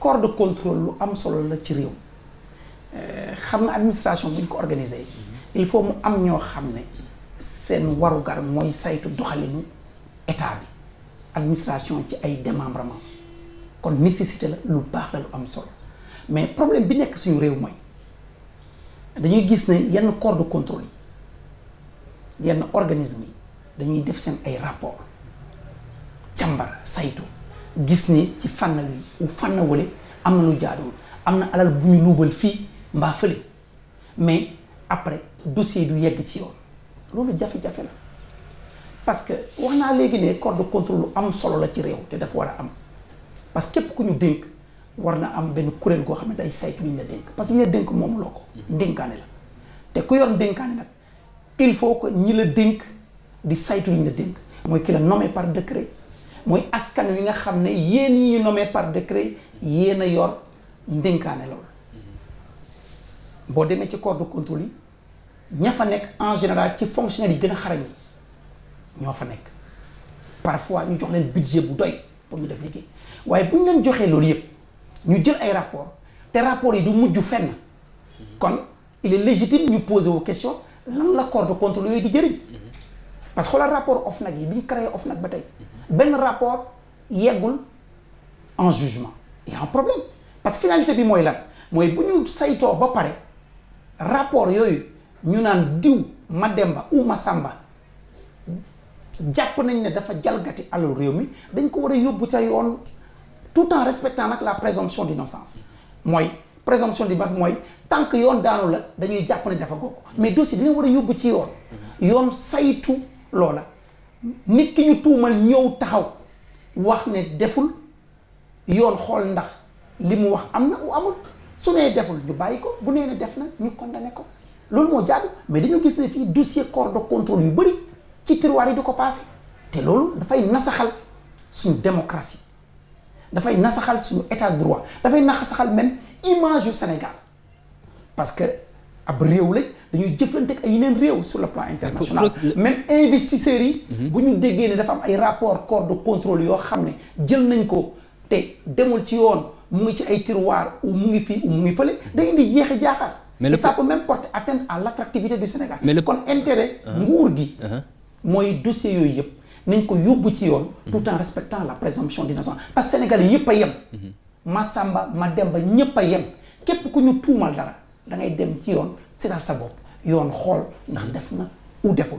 corps de contrôle lu am solo la ci réew eh, xam nga administration bu ko organisé il faut mu am ñoo xam ne seen warugar mooy saytu doxalinu état bi administration ci ay démembrement kon nécessité la lu baax la lu am solo mais problème bi nekk suñu réew mooy dañuy gis ne yenn corps de contrôle yi yenn organisme yi dañuy def seen ay rapport càmbar saytu gis ne ci fànn wi u fànn wale am na lu jaaduwul am na alal bu ñu luubal fii mbaa fële mais après dossier du yegg ci yoon loolu jafe-jafe la parce que wax naa léegi ne corps de contrôle lu am solo la ci réew te dafa war a am parce que képp ku ñu dénk war na am benn kuréel goo xam ne day saytu li ñu la dénk parce que li ñu la dénk mhm. te ku yor il faut que ñi la dénk di saytu li ñu la dénk mooy ki la nommé par décret mooy askan wi nga xam ne yéen ñi ñu par décret yéen a yor ndénkaane loolu mhm. boo demee ci corps de contrôle yi ña fa nekk en général ci fonctionnaire yi gën a xarañ yi ñoo fa nekk parfois ñu jox leen budget bu doy pour ñu def liggéey waaye bu ñu leen joxee loolu yëpp ñu jël ay rapport te rapport yi du mujj fenn kon il est légitime ñu poser wu question lan la corps de yooyu di jëriñ parce que xoolal rapport nag yi bi ñu créé OFNAC ba tey benn rapport yeggul en jugement il y problème parce que finalité bi mooy lan mooy bu ñu saytoo ba pare rapport yooyu ñu naan diw ma Mademba ou Masamba jàpp nañ ne dafa jalgati alalu réew mi dañ ko war a yóbbu ca yoon tout en respectant nag la présomption d'innocence mooy présomption d'innocence mooy tant que yoon daanu la dañuy jàpp ne dafa googu mais dossier dina war a yóbbu ci yoon yoon saytu loola nit ki ñu tuumal ñëw taxaw wax ne deful yoon xool ndax li mu wax am na u amul su nee deful ñu bàyyi ko bu nee ne def na ñu condamné ko loolu moo jaadu mais dañu gis ne fii dossier corps de contrôle yu bëri ci tiroir yi du ko passé te loolu dafay nasaxal suñu démocratie dafay nasaxal suñu état de droit dafay nasaxal même image yu Sénégal parce que ab réew lañ dañuy jëflante ak ay yeneen réew sur le plan international même investisseurs yi mhm. bu ñu déggee ne dafa am ay rapport corps de contrôle yoo xam ne jël nañ ko te demul ci yoon mu ngi ci ay tiroir mu ngi fii mu ngi fële day indi yéexe jaaxaar mais ça peut même porter atteinte à l' attractivité du Sénégal kon intéret uh-huh. nguur gi uh-huh. mooy dossier yooyu yëpp nañ ko yóbbu ci yoon. tout en respectant la présomption d'innocence parce que sénégalais yëpp a yem. ma Samba ma Demba ñëpp a yem képp ku ñu tuumal dara da ngay dem ci yoon seetal sa bopp yoon xool ndax def na ou deful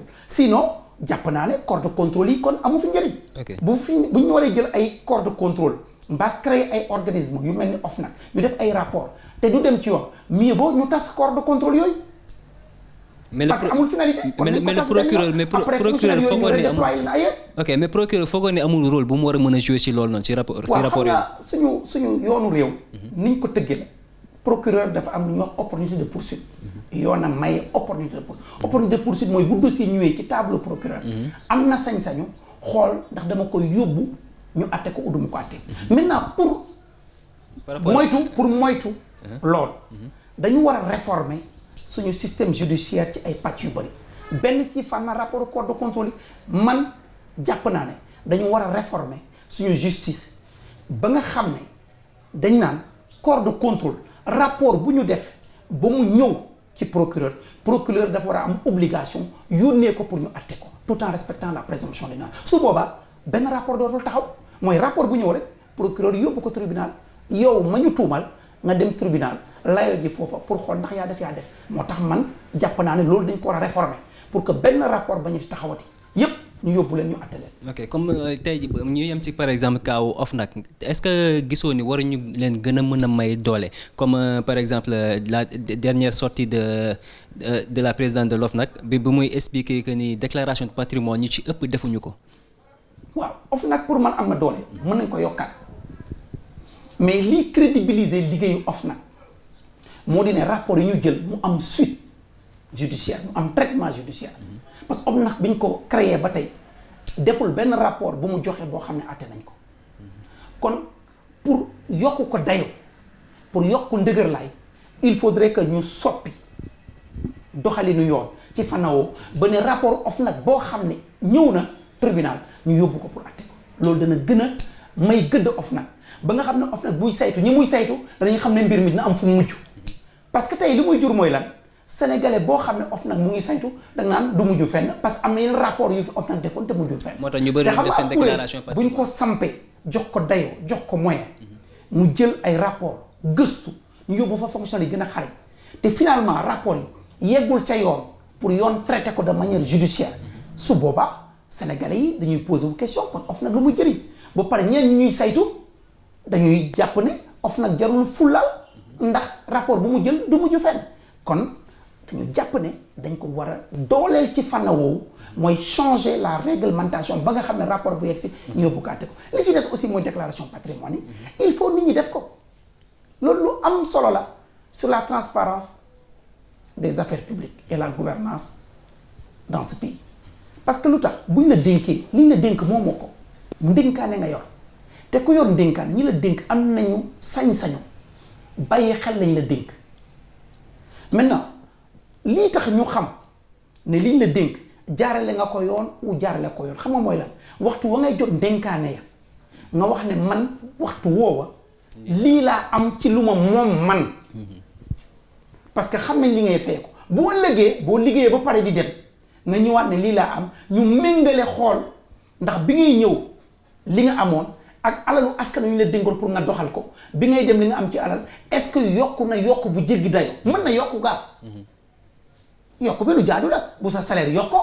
no jàpp naa ne corps de contrôle yi kon amu fi njëriñ. bu fi bu ñu waree jël ay corps de contrôle mbaa créer ay organisme yu mel ni OFNAC ñu def ay rapport te du dem ci yoon mieux vaut ñu tas corps de contrôle yooyu. mais parce que amul finalité. mais mais le procureur mais procureur foogoon ne amul ok mais procureur foogoon ne yoonu réew. Mhm. ni ñu ko tëggee la. procureur dafa am lu ñuy wax opportunité mhm. yoon a may opportunité de poursuite. opportunité de poursuite mooy bu dossier ñëwee ci table procureur. Mhm. am na sañ-sañu xool ndax dama koy yóbbu ñu àtte ko uduma ko àtte. maintenant pour. moytu pour moytu. Uh-huh. lool dañu war a réformer. suñu système judiciaire ci ay pàcc yu bëri benn ci na rapport corps de contrôle yi man jàpp naa ne dañu war a réformer suñu justice ba nga xam ne dañ naan corps de contrôle rapport bu ñu def ba mu ñëw ci procureur procureur dafa war a am obligation yónnee ko pour ñu atte ko tout en respectant la présomption d'innocence su boobaa benn rapport dootul taxaw mooy rapport bu ñëw rek procureur yóbbu ko tribunal yow ma ñu tuumal nga dem tribunal layo ji foofa pour xool ndax yaa def yaa def moo tax man jàpp naa ne loolu dañ ko war a réformer pour que benn rapport ba ñu di taxawati yépp ñu yóbbu leen ñu àtte leen ok comme euh, tey ji ñu yem ci par exemple kaaw OFNAC est-ce que gisoo ni war ñu leen gën a mën a may doole comme euh, par exemple euh, la dernière sortie de de la présidente de l'OFNAC bi bu muy expliquer que nii déclaration de patrimoine ñu ci ëpp defuñu ko waaw OFNAC pour man am na doole mën nañ ko yokkaat mais lii moo di ne rapport yi ñu jël mu am suite judiciaire mu am traitement judiciaire parce que nag bi ñu ko créer ba tey deful benn rapport bu mu joxee boo xam ne àtte nañ ko kon pour yokk ko dayo pour yokk ndëgër ndëgërlaay il faudrait que ñu soppi doxalinu yoon ci fanawoo ba ne rapport nag boo xam ne ñëw na tribunal ñu yóbbu ko pour àtte ko loolu dana gën a may gëdd OFNAC ba nga xam ne OFNAC buy saytu ñi muy saytu danañ xam ne mbir mi dina am fu mu parce que tey li muy jur mooy lan sénégalais boo xam ne OFNAC mu ngi saytu da nga naan du parce que am na yenn rapport yu fi OFNAC defoon te jox ko dayoo jox ko moyen. mu jël ay rapport gëstu ñu yóbbu fa fonctionnaire yi gën a xare te finalement rapport yi yeggul ca yoon pour yoon traité ko de manière judiciaire su boobaa sénégalais yi dañuy posé wu question kon OFNAC lu muy jëriñ ba pare ñenn ñuy saytu dañuy jàpp ne nag jarul fulal. ndax rapport bu mu jël du mujju fenn kon dañu jàpp ne dañ ko war a dooleel ci fànn woowu mooy changer la réglementation ba nga xam ne rapport bu yegsi ñoo buggaate ko li ci des aussi mooy déclaration il faut nit ñi def ko loolu lu am solo la sur la transparence des affaires publiques et la gouvernance dans ce pays parce que lu tax buñ la dénkee liñ la dénk moomoo ko ndénkaane nga yor te ku yor ndénkaane ñi la dénk am nañu sañ-sañu bàyyi xel lañ la dénk maintenant lii tax ñu xam ne liñ la dénk jaarale nga ko yoon u jaarale ko yoon xam nga mooy la waxtu wa ngay jot dénkaane ya nga wax ne man waxtu woowa lii laa am ci lu ma moom man parce que xam nañ li ngay fay ko boo liggéey boo liggéeyee ba pare di dem nga ñëwaat ne lii laa am ñu méngale xool ndax bi ngay ñëw li nga amoon ak alalu askan wi ñu la dénkoon pour nga doxal ko bi ngay dem li nga am ci alal est-ce que yokku na yokk bu jéggi dayo mën na yokku gaaw mhm. yokk bi lu jaadu la bu sa salaire yokko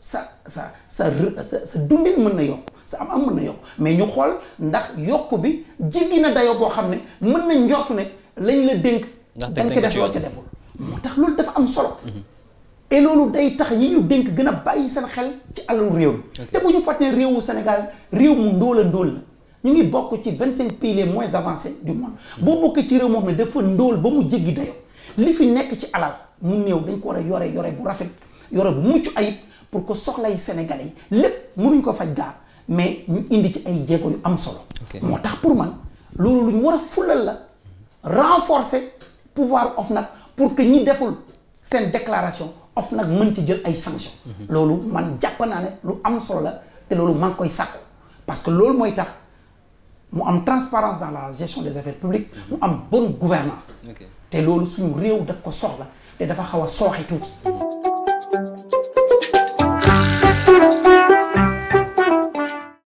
sa sa sa sa mën na yokk sa am am mën na yokk mais ñu xool ndax yokk bi jéggi na dayo boo xam ne mën na njortu ne lañ la dénk danga ca def loo ca deful moo tax loolu dafa am solo mhm. et loolu day tax ñi ñu dénk gën a bàyyi seen xel ci alalu réew mi te bu ñu fàttee réewu Sénégal réew mu ndóol a ndóol la ñu ngi bokk ci vingt cinq pays les moins du monde boo bokkee ci réew moom ne dafa ndóol ba mu jéggi dayo li fi nekk ci alal mu néew dañ ko war a yore yore bu rafet yore bu mucc ayib pour que soxlay sénégalais yi lépp mënuñ ko faj gaa mais ñu indi ci ay jéego yu am solo. moo tax pour man loolu lu ñu war a fulal la renforcer pouvoir nag pour que ñi deful seen déclaration nag mën ci jël ay sanctions. Mhm. loolu man jàpp naa ne lu am solo la loolu maa koy sàkku parce que loolu mooy tax. mu am transparence dans la gestion des affaires publiques mu am bonne gouvernance te loolu suñu réew daf ko soxla te dafa xaw a sooxe tuuti